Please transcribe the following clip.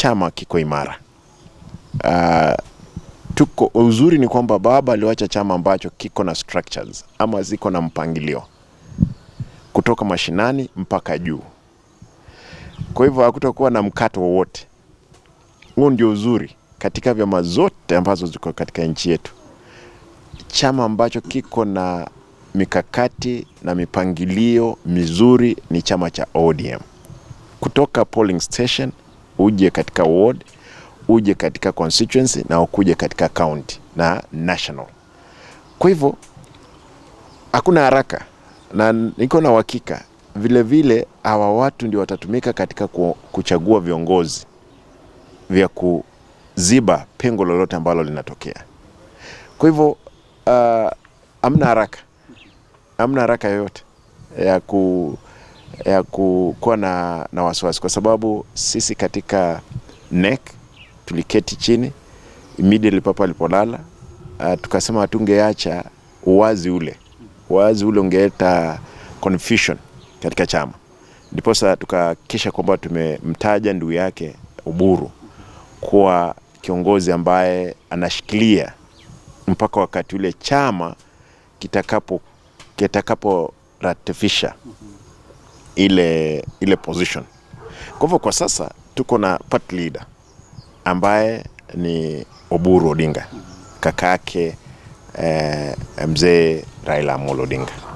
chama kiko imara. Uh, ah, tuko uzuri ni kwamba baba aliwacha chama ambacho kiko na structures ama ziko na mpangilio kutoka mashinani mpaka juu. Kwa hivyo hakutakuwa na mkato wowote. Huo ndio uzuri katika vyama zote ambazo ziko katika nchi yetu, chama ambacho kiko na mikakati na mipangilio mizuri ni chama cha ODM kutoka polling station uje katika ward, uje katika constituency na ukuje katika county na national. Kwa hivyo hakuna haraka na niko na uhakika vilevile hawa watu ndio watatumika katika kuchagua viongozi vya kuziba pengo lolote ambalo linatokea. Kwa hivyo uh, ah, amna haraka, amna haraka yoyote ya ku ya kuwa na, na wasiwasi kwa sababu sisi katika NEC tuliketi chini immediately papa alipolala, uh, tukasema hatungeacha uwazi ule uwazi ule ungeleta confusion katika chama, ndipo sasa kwamba tumemtaja ndugu yake Oburu kuwa kiongozi ambaye anashikilia mpaka wakati ule chama kitakapo kitakaporatifisha ile, ile position. Kwa hivyo kwa sasa tuko na party leader ambaye ni Oburu Odinga, kaka yake eh, mzee Raila Amolo Odinga.